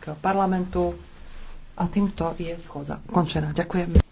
Európskeho parlamentu. A týmto je schôdza ukončená. Ďakujem.